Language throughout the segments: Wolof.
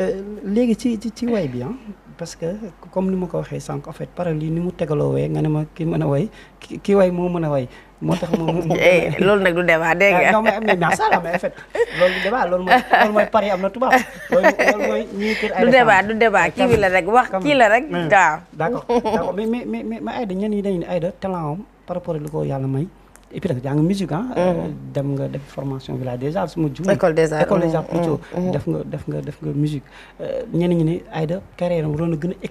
Euh, léegi ci ci ci way bi ah parce que comme ni ma ko waxee sànq en fait parole ni mu tegaloo wee nga ne ma ki mën a way ki way moo mën a way moo tax moom eh, loolu nag du débat dégg nga ah, non mais am na masala mais en fait loolu du débat loolu mooy loolu mooy pari am na tubaab loolu loolu mooy ñii kër du débat du débat kii bi la rek wax kii la rek waaw d'accord d'accord mais mais mais mais Aïda ñenn ñi dañu ne Aïda talent am par rapport ak li ko yàlla may et puis nag jàng musique ah. Mm. Euh, dem nga def formation village des arts su ma juumee. école des arts école mm, mm, def nga def nga def nga musique euh, ñenn ñi ne Aïda carrière am waroon a gën a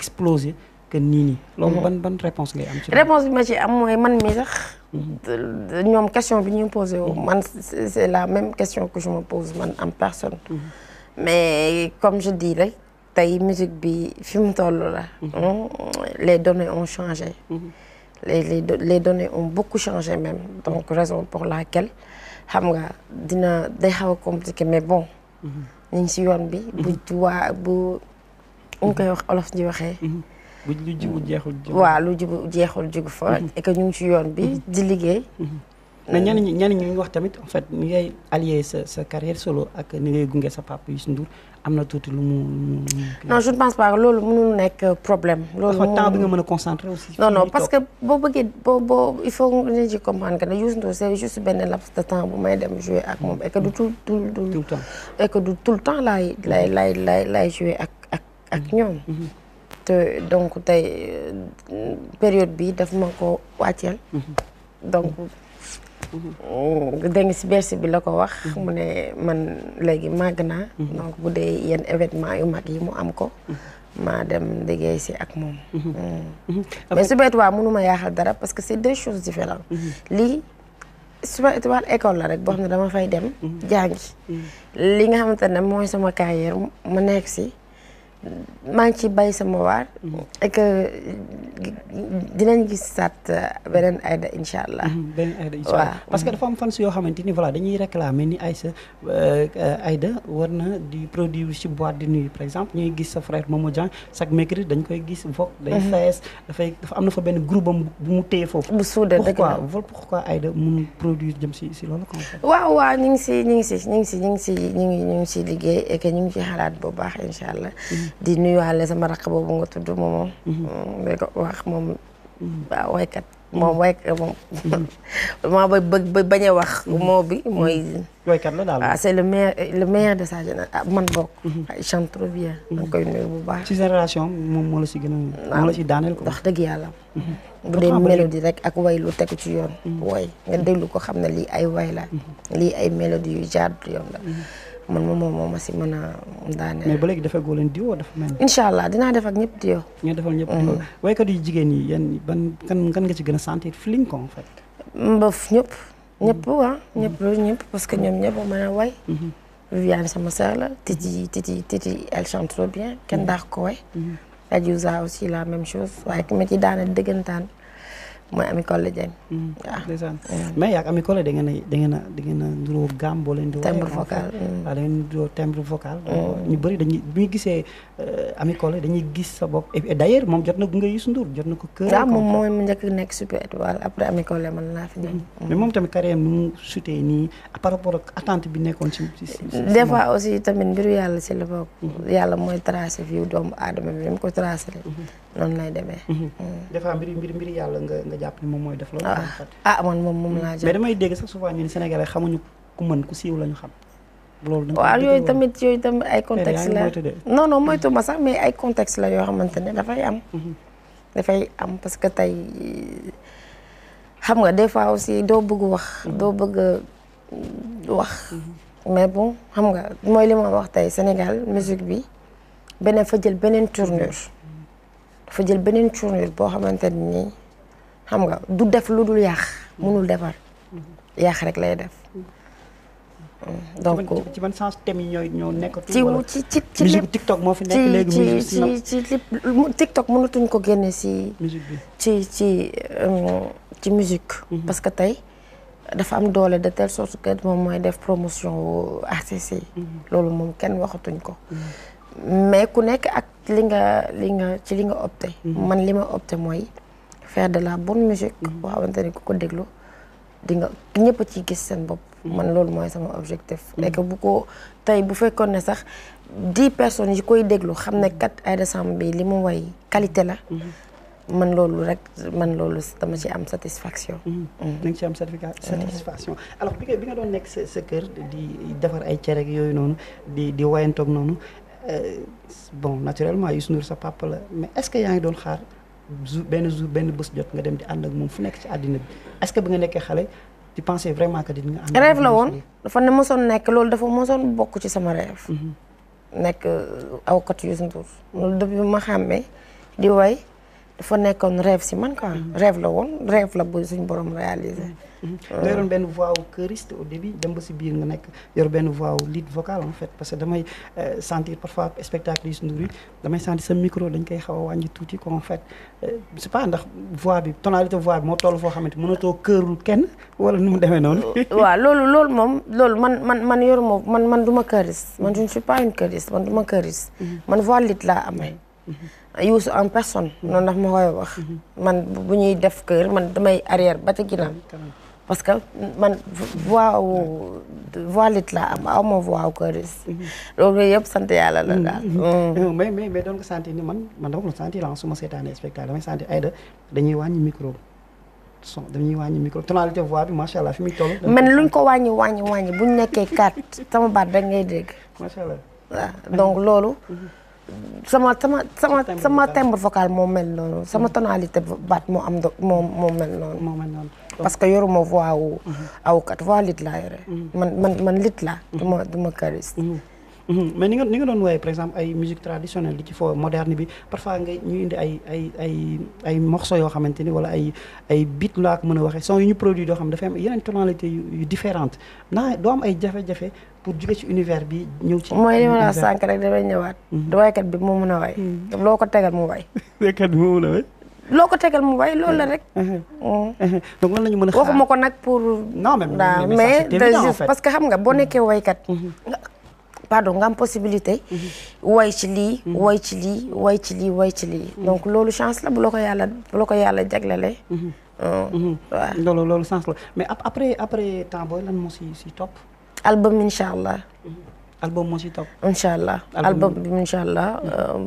que nii nii. loolu ban ban réponse ngay am ci. réponse ma ci am mooy man mii sax. Mm-hmm. ñoom question bi ñu woo. Mm-hmm. man c'est la même question que je me pose man en personne. Mm-hmm. mais comme je dis rek tey musique bi fi mu la. les données on changé. les les les données ont beaucoup changé même donc raison pour laquelle xam nga dina day xaw a compliqué mais bon. Mm-hmm. ñu ngi si yoon bi. bu mm-hmm. waa bu ñu koy wax olof di waxee. Mm-hmm. bu lu jibu jeexul. waaw lu ji jeexul jugu fa. et ñu ngi si yoon bi di liggéey. Euh, ma ñenn ñi ñenn ñi ñu wax tamit en fait ni allier sa carrière solo ak ni ngay gunge sa papa Youssou Ndour am na tuuti lu mu. non je ne pense pas loolu mu nekk problème. loolu moom temps bi nga mën a concentrer aussi. non non parce que boo bëggee boo boo il faut que nit ñi comprendre que ne Youssou Ndour c'est juste laps de temps bu may dem jouer ak moom et que du tout tout tout et que du tout le temps laay laay laay laay laay jouer ak ak ak mhm. ñoom. Mhm. te donc te euh, période bi daf ma ko wàcceel. Mhm. Mm-hmm. dégg si bersi bi la ko wax. Mm-hmm. mu ne man léegi màgg naa. Mm-hmm. donc bu dee yenn événement yu mag yi mu am ko. maa dem liggéey si ak moom. Mm. mais Sube Étoile mënuma yaaxal dara parce que c' est deux choses différentes. lii Sube école la rek boo xam ne dama fay dem. jàngi li nga xamante ne mooy sama carrière mu nekk si maa ngi ci bay sama waar. dinañ gis saat euh, beneen Aida incha allah. Mhm, beneen Aida incha allah parce que dafa am fans yoo xamante ni voilà dañuy réclamer ni Aïssa euh, Aida war na di produire ci boîte di nuit par exemple ñuy gis sa frère Momo Dieng chaque mercredi dañ koy gis Vogue. day mhm. fees dafay dafa am na fa benn groupe am bu mu téye foofu. bu suudee dëgg la pourquoi pourquoi Aida mun produire jëm si si loolu. waaw waaw ñu ngi si ñu ngi si ñu ngi si ñu ngi si ñu ngi ñu ngi si liggéey et que ñu ngi ci xalaat bu baax incha mhm. Momo. Mm, wax moom waa waykat moom way moom maa ba ba bañ a wax moo bi mooy. waykat la daal waaw c'est le meilleur le meilleur de sa ah, man bokk. Mhm. Ah, il chante bien. da koy nuyu bu baax. ci génération moom moo la si gën a. moo la si daaneel ko wax dëgg yàlla. Mhm. bu dee mélodie rek ak way lu tegu ci yoon. Mhm. way nga déglu ko xam ne lii ay way la. lii ay mélodie yu jaar yoon la. man moom moom ma si man a daane. mais ba léegi defee goo leen diwoo dafa mel. incha allah dinaa defak ak ñëpp diwoo. ñu defal ñëpp diwoo mm. waykat yu jigéen yi yan ban kan kan nga ci gën a sentir feeling ko en fait. mbëf ñëpp. Mm. ñëpp waa ah. ñëpp mm. ñëpp parce que ñoom ñëpp mën a way. Mm-hmm. Viviane sama sœur la Titi Titi Titi elle chante trop bien kenn daax ko way. Mm-hmm. Adiouza aussi la même chose waaye ki ma ci daane dëggantaan. mooy Ami Collé Diagne. Mm-hmm. waaw mm. mais yaa Ami Collé da ngeen a da ngeen a da ngeen vocal waaw da ngeen bëri dañuy gisee euh, Ami Collé gis sa bopp d' ailleurs moom jot na gunge Youssou Ndour jot na ko. kër waaw moom mooy mu njëkk nekk super étoile après Ami Collé man laa fi dem. Mm-hmm. tamit carrière nu sutee nii par rapport ak attente bi nekkoon ci. des fois aussi tamit mbiru yàlla si la bokk. Mm-hmm. yàlla mooy tracé fii doomu aadama bi ni mu ko tracé. noonu lay demee. Mm. des fois mbiri mbiri jàpp moom mooy def loolu. ah, ah man moom moom laa mm. jàpp mais damay dégg sax souvent ñun Sénégalais xamuñu ku mën ku siiw lañu xam. loolu waaw yooyu tamit yooyu tamit ay contexte la non mooy moytu ma mm. sax mais ay contexte la yoo xamante ne dafay am. Mm-hmm. dafay am parce que tey xam nga des fois aussi doo bëgg wax. Mm-hmm. doo bëgg mm, wax. Mm-hmm. mais bon xam nga mooy limo wax tey Sénégal musique bi beneen fa jël beneen tournure. dafa jël beneen tournure boo xamante nii. xam nga du def lu dul yàq munul defar yàq rek lay def mm. donc ci ban sens thème yi ñoo nekkatu ci ci ci ci musique TikTok moo fi nekk léegi musique ci ci TikTok mënatuñ ko génne si ci ci euh, ci musique mhm. parce que tey dafa am doole de telle sorte que moom mooy def promotion wu mhm. loolu moom kenn waxatuñ ko mhm. mais ku nekk ak li nga li nga ci li nga opté man li ma opté mooy faire de la bonne musique mm-hmm. boo xamante ne ku ko déglu di nga ñëpp ci gis seen bopp mm-hmm. man loolu mooy sama objectif mm-hmm. et bu ko tey bu fekkoon ne sax di personnes yi koy déglu xam ne kat Aïda Samb bi li mu way qualité la man loolu rek man loolu dama ci am satisfaction. da nga ci am eh. satisfaction alors bi nga doon nekk sa sa kër di defar ay cere yooyu noonu di di wayantoog noonu euh, bon naturellement Youssou Ndour sa papa la mais est-ce que yaa ngi doon xaar. jour benn jour benn bés jot nga dem di ànd ak moom fu nekk ci àddina bi est que bi nga nekkee xale di pensé vraiment que di nga ànd rêve la woon dafa ne mosoon nekk loolu dafa mosoon bokk ci sama rêve mhm. nekk euh, aw kat Youssou Ndour loolu depuis ma xàmmee di way dafa nekkoon reef si man quoi. Mhm. reef la woon reef la bu suñ borom réalisé. Mhm. Euh. nga yoroon benn voix wu choriste au début dem ba si biir nga nekk yor benn voix wu lead vocal en fait parce que damay euh, sentir parfois spectacle yu si Ndour yi damay sentir sa micro dañ koy xaw a wàññi tuuti ko en fait c'est euh, ndax voix bi tonalité voix bi moo toll foo xamante mënatoo këru kenn wala nu mu demee noonu. waaw loolu loolu moom loolu man man man yoruma man man du ma choriste man je ne suis du ma choriste. Mhm. man voix lead laa amee. Youssou en personne. noonu ndax ma koy wax. man bu ñuy def kër man damay arrière ba ci ginnaaw. parce que man voix wu lit laa am aw ma voix wu choriste. loolu yëpp sant yàlla la daal. Mm-hmm. Mm. mais mais mais doon ko sentir ni man man dama ko sentir ah su ma seetaanee spectacle damay sentir Aïda dañuy wàññi micro son dañuy wàññi micro tonalité voix bi macha allah fi muy toll. man luñ ko wàññi wàññi wàññi buñ nekkee kat sama baat rek ngay dégg. macha donc loolu. Mm-hmm. sama sama sama sama timbre vocal moo mel noonu sama mm. tonalité baat moo am do moo moo mel noonu. moo mel noonu parce que yoruma voix wu. Mm-hmm. aw kat voix lit laa yore. Mm-hmm. man man man lit laa. Mm-hmm. du ma Mhm. mais ni nga ni doon woowee par exemple ay musique traditionnelle di ci fo moderne bi parfois nga ñu indi ay ay ay ay yoo xamante ni wala ay ay beat laa mën a waxee son yu ñu produit yoo xam ne dafa am yeneen tonalité yu différente ndax doo am ay jafe ci univers bi ñëw ci. mooy li ma la sànq rek damay ñëwaat. Mhm. Mhm. moo mun a way. loo ko tegal mu way. waykat bi moo mun loo ko tegal mu way loolu la rek. donc lan ñu mën a xaar waxuma ko nag pour. non mais mais parce que xam nga boo nekkee waykat. pardon nga possibilité. woy ci lii. woy ci lii woy ci lii woy lii. donc loolu chance la bu la ko yàlla la ko yàlla jaglelee. Mm-hmm. Ah, waaw loolu loolu chance la mais après après temps booy lan moo si si topp. album incha allah. Mm-hmm. album moo si topp. incha allah album bi allah euh,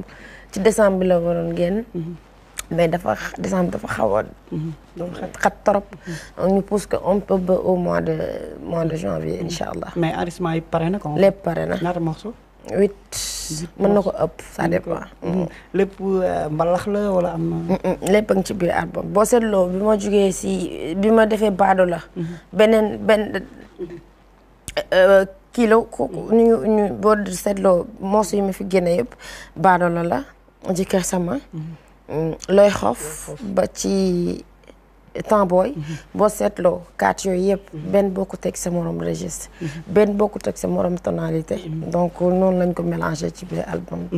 ci décembre bi la waroon génn. Mm-hmm. mais dafa décembre dafa xaw a. xat xat trop. ñu mm-hmm. pousse que on peut ba au mois de mois de janvier mm-hmm. incha allah. mais enregistrement yi pare na quoi. lépp pare na ñaata morceau. huit mën na ko ëpp ça dépend. Mm-hmm. lépp euh, mbalax la wala am lépp a ci biir album boo seetloo bi ma jugee si bi ma defee baado la. beneen benn euh, kilo ñu ñu boo seetloo morceau yi ma fi génne yëpp baado la la jëkkër sama. Mm, looy xof ba ci temps booy mhm. boo seetloo kaat yooyu yëpp mhm. benn bokkut ak sa morom registre benn bokkut ak sa morom tonalité mhm. donc noonu lañ ko mélangé ci biir album